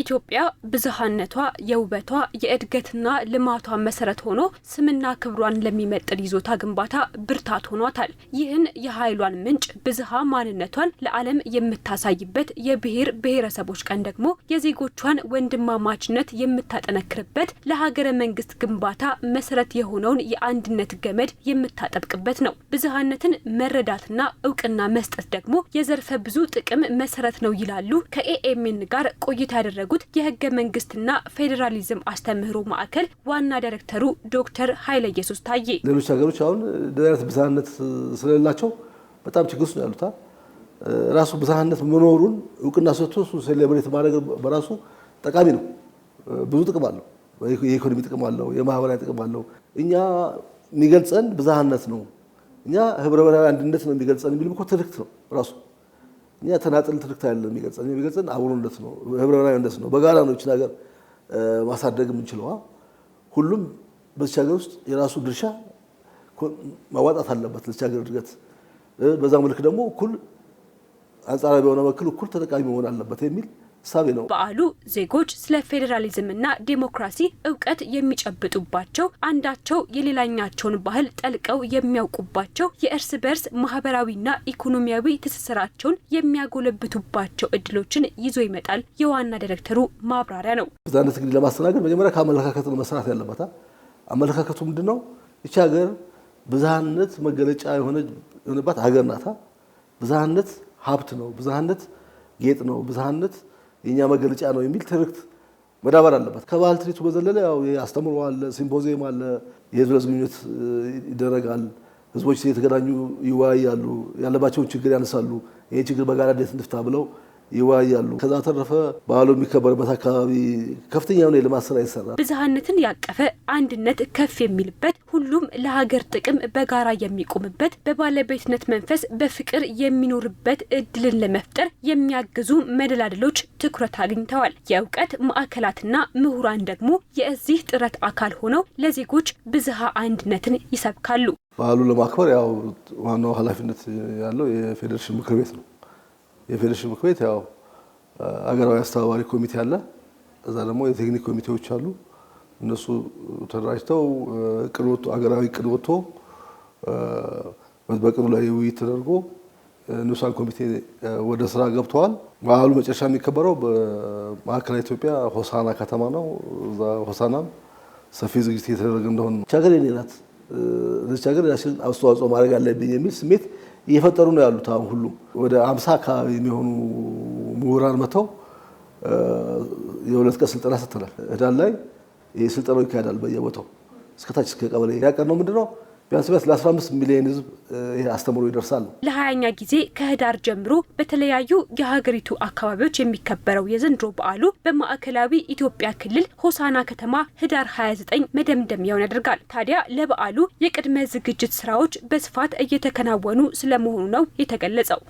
ኢትዮጵያ ብዝሃነቷ የውበቷ የእድገትና ልማቷ መሰረት ሆኖ ስምና ክብሯን ለሚመጥን ይዞታ ግንባታ ብርታት ሆኗታል። ይህን የኃይሏን ምንጭ ብዝሃ ማንነቷን ለዓለም የምታሳይበት የብሔር ብሔረሰቦች ቀን ደግሞ የዜጎቿን ወንድማማችነት የምታጠነክርበት፣ ለሀገረ መንግስት ግንባታ መሰረት የሆነውን የአንድነት ገመድ የምታጠብቅበት ነው። ብዝሃነትን መረዳትና እውቅና መስጠት ደግሞ የዘርፈ ብዙ ጥቅም መሰረት ነው ይላሉ ከኤኤምኤን ጋር ቆይታ ያደረጉ ያደረጉት የህገ መንግስትና ፌዴራሊዝም አስተምህሮ ማዕከል ዋና ዳይሬክተሩ ዶክተር ኃይለ ኢየሱስ ታዬ ሌሎች ሀገሮች አሁን ደረት ብዝሃነት ስለሌላቸው በጣም ችግር ውስጥ ነው ያሉታ። ራሱ ብዝሃነት መኖሩን እውቅና ሰጥቶ እሱ ሴሌብሬት ማድረግ በራሱ ጠቃሚ ነው። ብዙ ጥቅም አለው። የኢኮኖሚ ጥቅም አለው። የማህበራዊ ጥቅም አለው። እኛ የሚገልጸን ብዝሃነት ነው። እኛ ህብረ ብሔራዊ አንድነት ነው የሚገልጸን የሚል እኮ ትርክት ነው ራሱ እኛ ተናጥል ትርክት አይደለም የሚገልጸን፣ የሚገልጸን አብሮነት ነው፣ ህብረብራዊነት ነው። በጋራ ነው ይችን ሀገር ማሳደግ የምንችለዋ። ሁሉም በዚች ሀገር ውስጥ የራሱ ድርሻ ማዋጣት አለበት ለዚች ሀገር እድገት። በዛ መልክ ደግሞ እኩል አንጻራዊ በሆነ መክል እኩል ተጠቃሚ መሆን አለበት የሚል ሳቢ ነው። በዓሉ ዜጎች ስለ ፌዴራሊዝምና ዴሞክራሲ እውቀት የሚጨብጡባቸው አንዳቸው የሌላኛቸውን ባህል ጠልቀው የሚያውቁባቸው የእርስ በርስ ማህበራዊና ኢኮኖሚያዊ ትስስራቸውን የሚያጎለብቱባቸው እድሎችን ይዞ ይመጣል የዋና ዳይሬክተሩ ማብራሪያ ነው። አይነት እንግዲህ ለማስተናገድ መጀመሪያ ከአመለካከት መስራት ያለበት አመለካከቱ ምንድን ነው? ይቺ ሀገር ብዝሃነት መገለጫ የሆነባት ሀገር ናታ። ብዝሃነት ሀብት ነው። ብዝሃነት ጌጥ ነው። ብዝሃነት የኛ መገለጫ ነው የሚል ትርክት መዳበር አለበት። ከባህል ትርኢቱ በዘለለ ያው አስተምሮ አለ፣ ሲምፖዚየም አለ፣ የህዝብ ለህዝብ ግንኙነት ይደረጋል። ህዝቦች የተገናኙ ይወያያሉ፣ ያለባቸውን ችግር ያነሳሉ። ይህ ችግር በጋራ እንዴት እንፍታ ብለው ይወያያሉ። ከዛ ተረፈ በዓሉ የሚከበርበት አካባቢ ከፍተኛ ሆነ የልማት ስራ ይሰራል። ብዝሃነትን ያቀፈ አንድነት ከፍ የሚልበት ሁሉም ለሀገር ጥቅም በጋራ የሚቆምበት በባለቤትነት መንፈስ በፍቅር የሚኖርበት እድልን ለመፍጠር የሚያግዙ መደላደሎች ትኩረት አግኝተዋል። የእውቀት ማዕከላትና ምሁራን ደግሞ የዚህ ጥረት አካል ሆነው ለዜጎች ብዝሃ አንድነትን ይሰብካሉ። በዓሉ ለማክበር ያው ዋናው ኃላፊነት ያለው የፌዴሬሽን ምክር ቤት ነው። የፌዴሬሽን ምክር ቤት ያው አገራዊ አስተባባሪ ኮሚቴ አለ። እዛ ደግሞ የቴክኒክ ኮሚቴዎች አሉ። እነሱ ተደራጅተው አገራዊ እቅድ ወጥቶ በቅዱ ላይ ውይይት ተደርጎ ንዑሳን ኮሚቴ ወደ ስራ ገብተዋል። በዓሉ መጨረሻ የሚከበረው በማዕከላዊ ኢትዮጵያ ሆሳና ከተማ ነው። እዛ ሆሳናም ሰፊ ዝግጅት እየተደረገ እንደሆነ ነው። ቻገር የኔ ናት። ለዚች አስተዋጽኦ ማድረግ አለብኝ የሚል ስሜት እየፈጠሩ ነው ያሉት። አሁን ሁሉም ወደ አምሳ አካባቢ የሚሆኑ ምሁራን መጥተው የሁለት ቀን ስልጠና ሰጥተናል። እዳን ላይ ይህ ስልጠናው ይካሄዳል በየቦታው እስከታች እስከ ቀበሌ ያቀር ነው ምንድነው ቢያንስ ቢያንስ ለ15 ሚሊዮን ህዝብ ይህ አስተምሮ ይደርሳል። ለሀያኛ ጊዜ ከህዳር ጀምሮ በተለያዩ የሀገሪቱ አካባቢዎች የሚከበረው የዘንድሮ በዓሉ በማዕከላዊ ኢትዮጵያ ክልል ሆሳና ከተማ ህዳር 29 መደምደሚያውን ያደርጋል። ታዲያ ለበዓሉ የቅድመ ዝግጅት ስራዎች በስፋት እየተከናወኑ ስለመሆኑ ነው የተገለጸው።